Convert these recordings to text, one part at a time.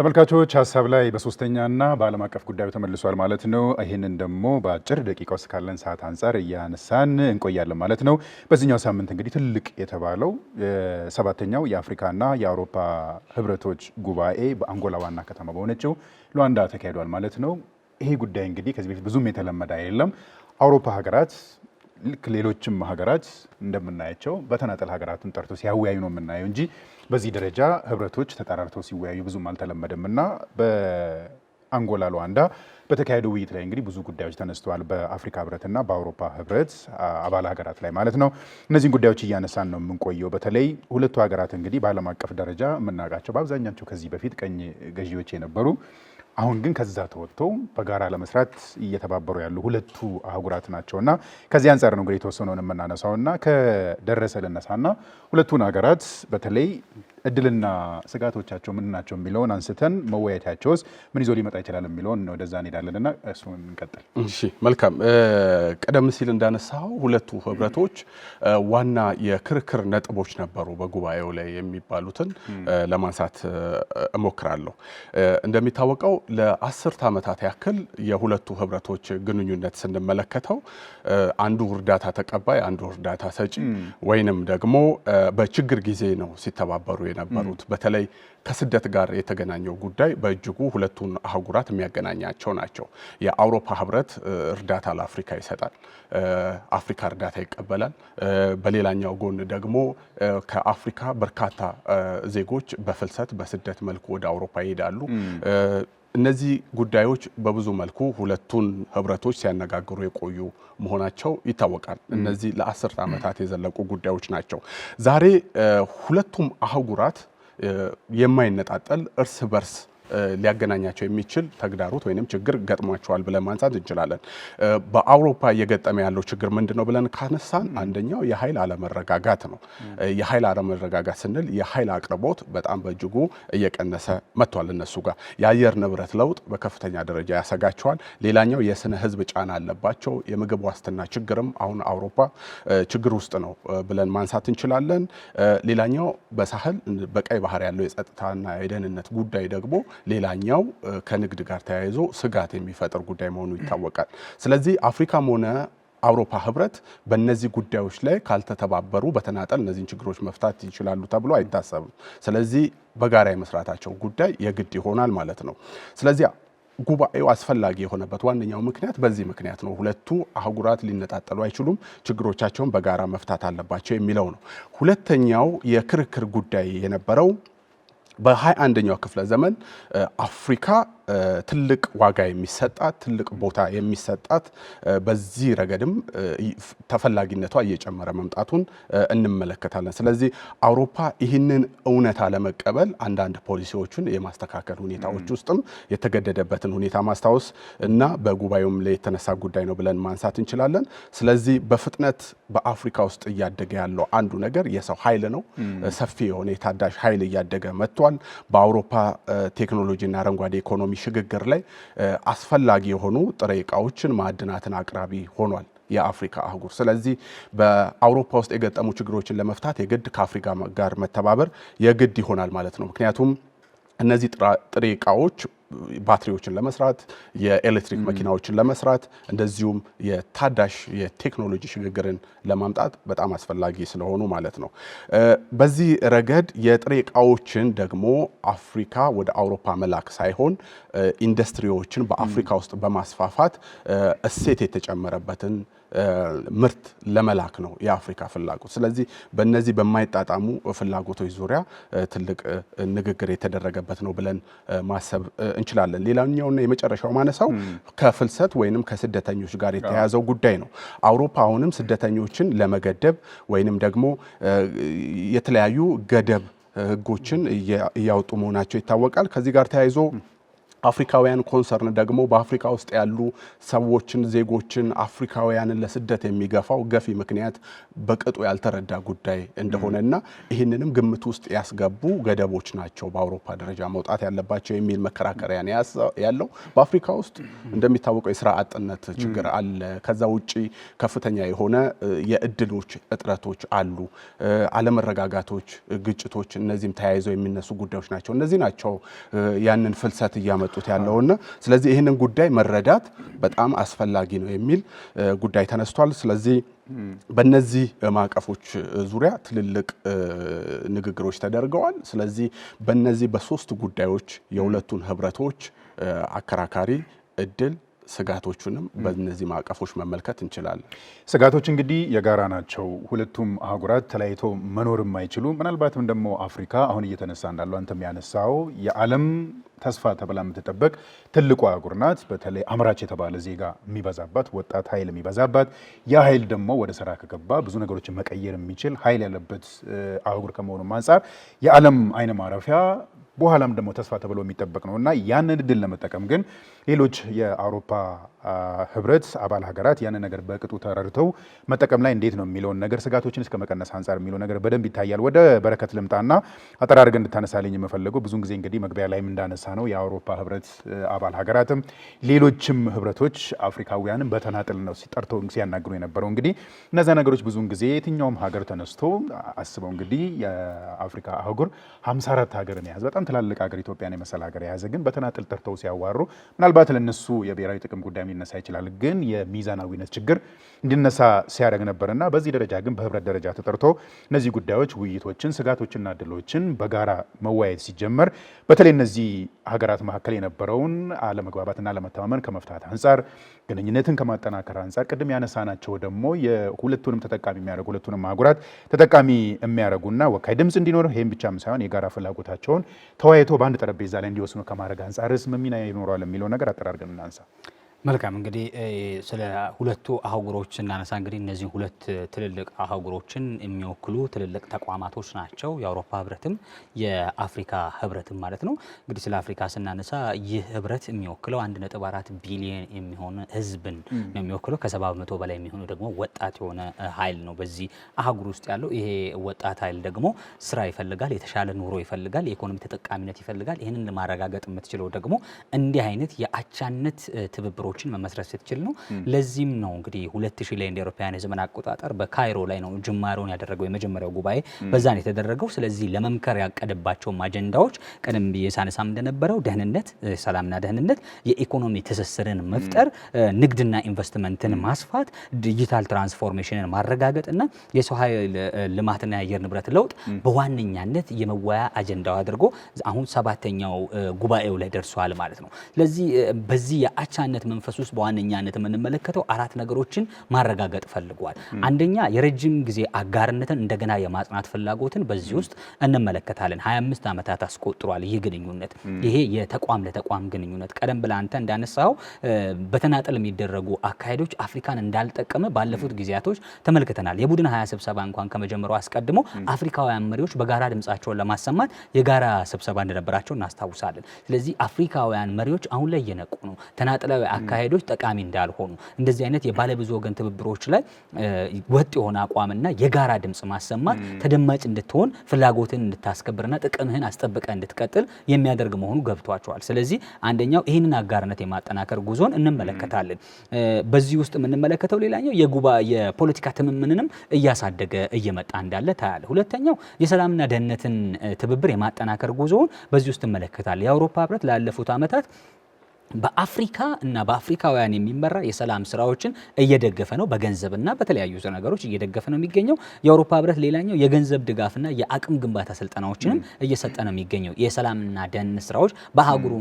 ተመልካቾች ሀሳብ ላይ በሶስተኛና በዓለም አቀፍ ጉዳዩ ተመልሷል ማለት ነው። ይህንን ደግሞ በአጭር ደቂቃ ውስጥ ካለን ሰዓት አንጻር እያነሳን እንቆያለን ማለት ነው። በዚህኛው ሳምንት እንግዲህ ትልቅ የተባለው ሰባተኛው የአፍሪካና የአውሮፓ ህብረቶች ጉባኤ በአንጎላ ዋና ከተማ በሆነችው ሉዋንዳ ተካሂዷል ማለት ነው። ይሄ ጉዳይ እንግዲህ ከዚህ በፊት ብዙም የተለመደ አይደለም። አውሮፓ ሀገራት ልክ ሌሎችም ሀገራት እንደምናያቸው በተናጠል ሀገራትን ጠርቶ ሲያወያዩ ነው የምናየው እንጂ በዚህ ደረጃ ህብረቶች ተጠራርተው ሲወያዩ ብዙም አልተለመደም እና በአንጎላ ሉዋንዳ በተካሄደው ውይይት ላይ እንግዲህ ብዙ ጉዳዮች ተነስተዋል። በአፍሪካ ህብረትና በአውሮፓ ህብረት አባል ሀገራት ላይ ማለት ነው። እነዚህን ጉዳዮች እያነሳን ነው የምንቆየው። በተለይ ሁለቱ ሀገራት እንግዲህ በዓለም አቀፍ ደረጃ የምናውቃቸው በአብዛኛቸው ከዚህ በፊት ቀኝ ገዢዎች የነበሩ አሁን ግን ከዛ ተወጥቶ በጋራ ለመስራት እየተባበሩ ያሉ ሁለቱ አህጉራት ናቸው እና ከዚህ አንጻር ነው እንግዲህ የተወሰነውን የምናነሳው እና ከደረሰ ልነሳና ሁለቱን ሀገራት በተለይ እድልና ስጋቶቻቸው ምን ናቸው የሚለውን አንስተን መወያየታቸውስ ምን ይዞ ሊመጣ ይችላል የሚለውን ወደዛ እንሄዳለንና እሱ እንቀጥል። እሺ፣ መልካም። ቀደም ሲል እንዳነሳው ሁለቱ ህብረቶች ዋና የክርክር ነጥቦች ነበሩ በጉባኤው ላይ የሚባሉትን ለማንሳት እሞክራለሁ። እንደሚታወቀው ለአስርት ዓመታት ያክል የሁለቱ ህብረቶች ግንኙነት ስንመለከተው አንዱ እርዳታ ተቀባይ፣ አንዱ እርዳታ ሰጪ ወይንም ደግሞ በችግር ጊዜ ነው ሲተባበሩ የነበሩት። በተለይ ከስደት ጋር የተገናኘው ጉዳይ በእጅጉ ሁለቱን አህጉራት የሚያገናኛቸው ናቸው። የአውሮፓ ህብረት እርዳታ ለአፍሪካ ይሰጣል፣ አፍሪካ እርዳታ ይቀበላል። በሌላኛው ጎን ደግሞ ከአፍሪካ በርካታ ዜጎች በፍልሰት በስደት መልኩ ወደ አውሮፓ ይሄዳሉ። እነዚህ ጉዳዮች በብዙ መልኩ ሁለቱን ህብረቶች ሲያነጋግሩ የቆዩ መሆናቸው ይታወቃል። እነዚህ ለአስርተ ዓመታት የዘለቁ ጉዳዮች ናቸው። ዛሬ ሁለቱም አህጉራት የማይነጣጠል እርስ በርስ ሊያገናኛቸው የሚችል ተግዳሮት ወይም ችግር ገጥሟቸዋል ብለን ማንሳት እንችላለን። በአውሮፓ እየገጠመ ያለው ችግር ምንድን ነው ብለን ካነሳን አንደኛው የኃይል አለመረጋጋት ነው። የኃይል አለመረጋጋት ስንል የኃይል አቅርቦት በጣም በእጅጉ እየቀነሰ መጥቷል። እነሱ ጋር የአየር ንብረት ለውጥ በከፍተኛ ደረጃ ያሰጋቸዋል። ሌላኛው የስነ ህዝብ ጫና አለባቸው። የምግብ ዋስትና ችግርም አሁን አውሮፓ ችግር ውስጥ ነው ብለን ማንሳት እንችላለን። ሌላኛው በሳህል በቀይ ባህር ያለው የጸጥታና የደህንነት ጉዳይ ደግሞ ሌላኛው ከንግድ ጋር ተያይዞ ስጋት የሚፈጥር ጉዳይ መሆኑ ይታወቃል። ስለዚህ አፍሪካም ሆነ አውሮፓ ህብረት በእነዚህ ጉዳዮች ላይ ካልተተባበሩ በተናጠል እነዚህን ችግሮች መፍታት ይችላሉ ተብሎ አይታሰብም። ስለዚህ በጋራ የመስራታቸው ጉዳይ የግድ ይሆናል ማለት ነው። ስለዚህ ጉባኤው አስፈላጊ የሆነበት ዋነኛው ምክንያት በዚህ ምክንያት ነው። ሁለቱ አህጉራት ሊነጣጠሉ አይችሉም፣ ችግሮቻቸውን በጋራ መፍታት አለባቸው የሚለው ነው። ሁለተኛው የክርክር ጉዳይ የነበረው በሃያ አንደኛው ክፍለ ዘመን አፍሪካ ትልቅ ዋጋ የሚሰጣት ትልቅ ቦታ የሚሰጣት በዚህ ረገድም ተፈላጊነቷ እየጨመረ መምጣቱን እንመለከታለን። ስለዚህ አውሮፓ ይህንን እውነታ ለመቀበል አንዳንድ ፖሊሲዎቹን የማስተካከል ሁኔታዎች ውስጥም የተገደደበትን ሁኔታ ማስታወስ እና በጉባኤውም ላይ የተነሳ ጉዳይ ነው ብለን ማንሳት እንችላለን። ስለዚህ በፍጥነት በአፍሪካ ውስጥ እያደገ ያለው አንዱ ነገር የሰው ኃይል ነው። ሰፊ የሆነ የታዳሽ ኃይል እያደገ መጥቷል። በአውሮፓ ቴክኖሎጂና አረንጓዴ ኢኮኖሚ ሽግግር ላይ አስፈላጊ የሆኑ ጥሬ እቃዎችን ማዕድናትን አቅራቢ ሆኗል የአፍሪካ አህጉር። ስለዚህ በአውሮፓ ውስጥ የገጠሙ ችግሮችን ለመፍታት የግድ ከአፍሪካ ጋር መተባበር የግድ ይሆናል ማለት ነው። ምክንያቱም እነዚህ ጥሬ እቃዎች ባትሪዎችን ለመስራት የኤሌክትሪክ መኪናዎችን ለመስራት እንደዚሁም የታዳሽ የቴክኖሎጂ ሽግግርን ለማምጣት በጣም አስፈላጊ ስለሆኑ ማለት ነው። በዚህ ረገድ የጥሬ እቃዎችን ደግሞ አፍሪካ ወደ አውሮፓ መላክ ሳይሆን ኢንዱስትሪዎችን በአፍሪካ ውስጥ በማስፋፋት እሴት የተጨመረበትን ምርት ለመላክ ነው የአፍሪካ ፍላጎት። ስለዚህ በእነዚህ በማይጣጣሙ ፍላጎቶች ዙሪያ ትልቅ ንግግር የተደረገበት ነው ብለን ማሰብ እንችላለን። ሌላኛውና የመጨረሻው ማነሳው ከፍልሰት ወይንም ከስደተኞች ጋር የተያያዘው ጉዳይ ነው። አውሮፓ አሁንም ስደተኞችን ለመገደብ ወይንም ደግሞ የተለያዩ ገደብ ህጎችን እያወጡ መሆናቸው ይታወቃል። ከዚህ ጋር ተያይዞ አፍሪካውያን ኮንሰርን ደግሞ በአፍሪካ ውስጥ ያሉ ሰዎችን ዜጎችን አፍሪካውያንን ለስደት የሚገፋው ገፊ ምክንያት በቅጡ ያልተረዳ ጉዳይ እንደሆነና ይህንንም ግምት ውስጥ ያስገቡ ገደቦች ናቸው በአውሮፓ ደረጃ መውጣት ያለባቸው የሚል መከራከሪያ ያለው። በአፍሪካ ውስጥ እንደሚታወቀው የስራ አጥነት ችግር አለ። ከዛ ውጭ ከፍተኛ የሆነ የእድሎች እጥረቶች አሉ። አለመረጋጋቶች፣ ግጭቶች፣ እነዚህም ተያይዘው የሚነሱ ጉዳዮች ናቸው። እነዚህ ናቸው ያንን ፍልሰት እያመ እያመጡት ያለውና ስለዚህ ይህንን ጉዳይ መረዳት በጣም አስፈላጊ ነው የሚል ጉዳይ ተነስቷል። ስለዚህ በእነዚህ ማዕቀፎች ዙሪያ ትልልቅ ንግግሮች ተደርገዋል። ስለዚህ በእነዚህ በሶስት ጉዳዮች የሁለቱን ህብረቶች አከራካሪ እድል ስጋቶቹንም በእነዚህ ማዕቀፎች መመልከት እንችላለን። ስጋቶች እንግዲህ የጋራ ናቸው። ሁለቱም አህጉራት ተለያይቶ መኖርም አይችሉም። ምናልባትም ደግሞ አፍሪካ አሁን እየተነሳ እንዳለው አንተም ያነሳው የዓለም ተስፋ ተብላ የምትጠበቅ ትልቁ አህጉር ናት። በተለይ አምራች የተባለ ዜጋ የሚበዛባት፣ ወጣት ኃይል የሚበዛባት፣ ያ ኃይል ደግሞ ወደ ስራ ከገባ ብዙ ነገሮችን መቀየር የሚችል ኃይል ያለበት አህጉር ከመሆኑም አንጻር የዓለም አይነ ማረፊያ በኋላም ደግሞ ተስፋ ተብሎ የሚጠበቅ ነው እና ያንን እድል ለመጠቀም ግን ሌሎች የአውሮፓ ህብረት አባል ሀገራት ያንን ነገር በቅጡ ተረድተው መጠቀም ላይ እንዴት ነው የሚለውን ነገር ስጋቶችን እስከ መቀነስ አንጻር የሚለው ነገር በደንብ ይታያል። ወደ በረከት ልምጣና አጠራርገ እንድታነሳልኝ የምፈለገው ብዙን ጊዜ እንግዲህ መግቢያ ላይም እንዳነሳ ነው የአውሮፓ ህብረት አባል ሀገራትም ሌሎችም ህብረቶች አፍሪካውያንም በተናጥል ነው ሲጠርተው ሲያናግሩ የነበረው እንግዲህ እነዚያ ነገሮች ብዙን ጊዜ የትኛውም ሀገር ተነስቶ አስበው እንግዲህ የአፍሪካ አህጉር 54 ሀገርን የያዝ በጣም ትላልቅ ሀገር ኢትዮጵያን የመሰለ ሀገር የያዘ ግን በተናጥል ጠርተው ሲያዋሩ ምናልባት ለነሱ የብሔራዊ ጥቅም ጉዳይ ሊነሳ ይችላል፣ ግን የሚዛናዊነት ችግር እንዲነሳ ሲያደርግ ነበርና በዚህ ደረጃ ግን በህብረት ደረጃ ተጠርቶ እነዚህ ጉዳዮች ውይይቶችን፣ ስጋቶችና ድሎችን በጋራ መወያየት ሲጀመር በተለይ እነዚህ ሀገራት መካከል የነበረውን አለመግባባትና አለመተማመን ከመፍታት አንጻር ግንኙነትን ከማጠናከር አንጻር ቅድም ያነሳናቸው ደግሞ የሁለቱንም ተጠቃሚ የሚያደርጉ ሁለቱንም አህጉራት ተጠቃሚ የሚያደርጉና ወካይ ድምፅ እንዲኖር ይህም ብቻም ሳይሆን የጋራ ፍላጎታቸውን ተወያይቶ በአንድ ጠረጴዛ ላይ እንዲወስኑ ከማድረግ አንጻር ርዕስ ምን ሚና ይኖረዋል የሚለው ነገር አጠራርገን እናንሳ። መልካም እንግዲህ ስለ ሁለቱ አህጉሮች እናነሳ። እንግዲህ እነዚህ ሁለት ትልልቅ አህጉሮችን የሚወክሉ ትልልቅ ተቋማቶች ናቸው። የአውሮፓ ህብረትም የአፍሪካ ህብረትም ማለት ነው። እንግዲህ ስለ አፍሪካ ስናነሳ ይህ ህብረት የሚወክለው አንድ ነጥብ አራት ቢሊየን የሚሆን ህዝብን ነው የሚወክለው። ከሰባ በመቶ በላይ የሚሆኑ ደግሞ ወጣት የሆነ ኃይል ነው በዚህ አህጉር ውስጥ ያለው። ይሄ ወጣት ኃይል ደግሞ ስራ ይፈልጋል፣ የተሻለ ኑሮ ይፈልጋል፣ የኢኮኖሚ ተጠቃሚነት ይፈልጋል። ይህንን ለማረጋገጥ የምትችለው ደግሞ እንዲህ አይነት የአቻነት ትብብሮች ሀገሮችን መመስረት ስትችል ነው። ለዚህም ነው እንግዲህ ሁለት ሺህ ላይ እንደ አውሮፓውያን የዘመን አቆጣጠር በካይሮ ላይ ነው ጅማሬውን ያደረገው የመጀመሪያው ጉባኤ በዛን የተደረገው። ስለዚህ ለመምከር ያቀደባቸውም አጀንዳዎች ቀደም ብዬ ሳነሳም እንደነበረው ደህንነት፣ ሰላምና ደህንነት፣ የኢኮኖሚ ትስስርን መፍጠር፣ ንግድና ኢንቨስትመንትን ማስፋት፣ ዲጂታል ትራንስፎርሜሽንን ማረጋገጥ እና የሰው ኃይል ልማትና የአየር ንብረት ለውጥ በዋነኛነት የመወያ አጀንዳው አድርጎ አሁን ሰባተኛው ጉባኤው ላይ ደርሷል ማለት ነው። ስለዚህ በዚህ የአቻነት መንፈስ ውስጥ በዋነኛነት የምንመለከተው አራት ነገሮችን ማረጋገጥ ፈልጓል። አንደኛ የረጅም ጊዜ አጋርነትን እንደገና የማጽናት ፍላጎትን በዚህ ውስጥ እንመለከታለን። 25 ዓመታት አስቆጥሯል ይህ ግንኙነት። ይሄ የተቋም ለተቋም ግንኙነት ቀደም ብለህ አንተ እንዳነሳው በተናጠል የሚደረጉ አካሄዶች አፍሪካን እንዳልጠቀመ ባለፉት ጊዜያቶች ተመልክተናል። የቡድን ሀያ ስብሰባ እንኳን ከመጀመሩ አስቀድሞ አፍሪካውያን መሪዎች በጋራ ድምጻቸውን ለማሰማት የጋራ ስብሰባ እንደነበራቸው እናስታውሳለን። ስለዚህ አፍሪካውያን መሪዎች አሁን ላይ እየነቁ ነው። ተናጥላዊ አካሄዶች ጠቃሚ እንዳልሆኑ እንደዚህ አይነት የባለብዙ ወገን ትብብሮች ላይ ወጥ የሆነ አቋምና የጋራ ድምፅ ማሰማት ተደማጭ እንድትሆን ፍላጎትን እንድታስከብርና ጥቅምህን አስጠብቀ እንድትቀጥል የሚያደርግ መሆኑ ገብቷቸዋል። ስለዚህ አንደኛው ይህንን አጋርነት የማጠናከር ጉዞን እንመለከታለን። በዚህ ውስጥ የምንመለከተው ሌላኛው የፖለቲካ ትምምንንም እያሳደገ እየመጣ እንዳለ ታያለ። ሁለተኛው የሰላምና ደህንነትን ትብብር የማጠናከር ጉዞውን በዚህ ውስጥ እንመለከታለን። የአውሮፓ ህብረት ላለፉት ዓመታት በአፍሪካ እና በአፍሪካውያን የሚመራ የሰላም ስራዎችን እየደገፈ ነው። በገንዘብና በተለያዩ ነገሮች እየደገፈ ነው የሚገኘው። የአውሮፓ ህብረት ሌላኛው የገንዘብ ድጋፍና የአቅም ግንባታ ስልጠናዎችንም እየሰጠ ነው የሚገኘው የሰላምና ደህንነት ስራዎች በአህጉሩ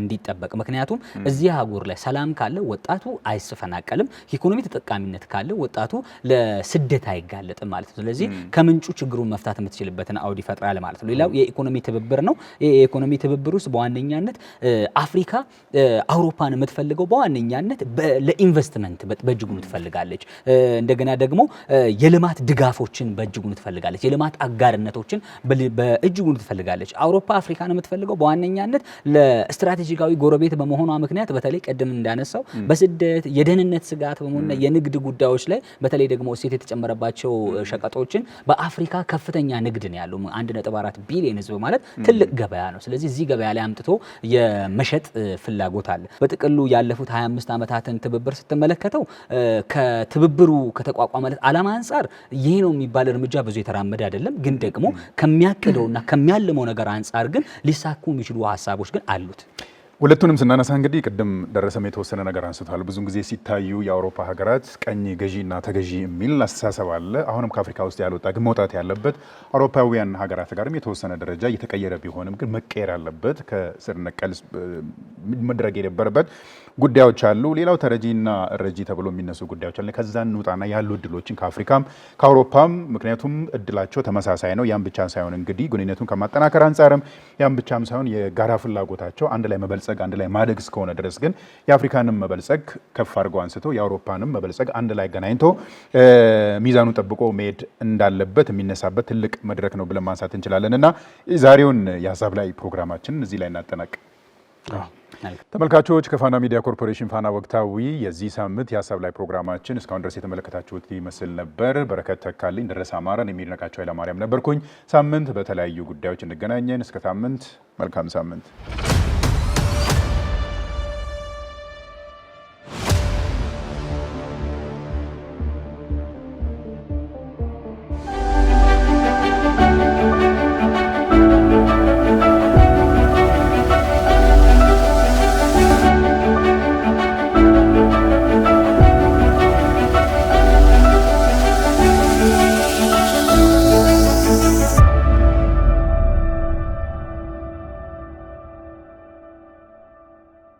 እንዲጠበቅ። ምክንያቱም እዚህ አህጉር ላይ ሰላም ካለ ወጣቱ አይስፈናቀልም ኢኮኖሚ ተጠቃሚነት ካለ ወጣቱ ለስደት አይጋለጥም ማለት ነው። ስለዚህ ከምንጩ ችግሩን መፍታት የምትችልበትን አውድ ይፈጥራል ማለት ነው። ሌላው የኢኮኖሚ ትብብር ነው። የኢኮኖሚ ትብብር ውስጥ በዋነኛነት አፍሪካ አውሮፓን የምትፈልገው በዋነኛነት ለኢንቨስትመንት በእጅጉ ትፈልጋለች። እንደገና ደግሞ የልማት ድጋፎችን በእጅጉ ትፈልጋለች። የልማት አጋርነቶችን በእጅጉ ትፈልጋለች። አውሮፓ አፍሪካን የምትፈልገው በዋነኛነት ለስትራቴጂካዊ ጎረቤት በመሆኗ ምክንያት በተለይ ቅድም እንዳነሳው በስደት የደህንነት ስጋት በመሆንና የንግድ ጉዳዮች ላይ በተለይ ደግሞ እሴት የተጨመረባቸው ሸቀጦችን በአፍሪካ ከፍተኛ ንግድ ነው ያለው። አንድ ነጥብ አራት ቢሊዮን ህዝብ ማለት ትልቅ ገበያ ነው። ስለዚህ እዚህ ገበያ ላይ አምጥቶ የመሸጥ ፍላ ፍላጎት አለ። በጥቅሉ ያለፉት 25 ዓመታትን ትብብር ስትመለከተው ከትብብሩ ከተቋቋመለት ዓላማ አንጻር ይሄ ነው የሚባል እርምጃ ብዙ የተራመደ አይደለም። ግን ደግሞ ከሚያቅደውና ከሚያልመው ነገር አንጻር ግን ሊሳኩ የሚችሉ ሀሳቦች ግን አሉት። ሁለቱንም ስናነሳ እንግዲህ ቅድም ደረሰም የተወሰነ ነገር አንስቷል። ብዙን ጊዜ ሲታዩ የአውሮፓ ሀገራት ቀኝ እና ተገዢ የሚል አስተሳሰብ አለ። አሁንም ከአፍሪካ ውስጥ ያልወጣ ግን መውጣት ያለበት አውሮፓውያን ሀገራት ጋርም የተወሰነ ደረጃ እየተቀየረ ቢሆንም ግን መቀየር ያለበት ከስር ነቀል መድረግ የነበረበት ጉዳዮች አሉ። ሌላው ተረጂና ረጂ ተብሎ የሚነሱ ጉዳዮች አሉ። ከዛ እንውጣና ያሉ እድሎችን ከአፍሪካም ከአውሮፓም፣ ምክንያቱም እድላቸው ተመሳሳይ ነው። ያም ብቻ ሳይሆን እንግዲህ ግንኙነቱን ከማጠናከር አንጻርም ያም ብቻም ሳይሆን የጋራ ፍላጎታቸው አንድ ላይ መበልጸግ፣ አንድ ላይ ማደግ እስከሆነ ድረስ ግን የአፍሪካንም መበልጸግ ከፍ አድርገው አንስቶ የአውሮፓንም መበልጸግ አንድ ላይ ገናኝቶ ሚዛኑ ጠብቆ መሄድ እንዳለበት የሚነሳበት ትልቅ መድረክ ነው ብለን ማንሳት እንችላለን እና ዛሬውን የሀሳብ ላይ ፕሮግራማችን እዚህ ላይ እናጠናቅ። ተመልካቾች ከፋና ሚዲያ ኮርፖሬሽን ፋና ወቅታዊ የዚህ ሳምንት የሀሳብ ላይ ፕሮግራማችን እስካሁን ድረስ የተመለከታችሁት ይመስል ነበር። በረከት ተካልኝ፣ ደረሰ አማረን፣ የሚድነቃቸው ኃይለማርያም ነበርኩኝ። ሳምንት በተለያዩ ጉዳዮች እንገናኘን። እስከ ሳምንት መልካም ሳምንት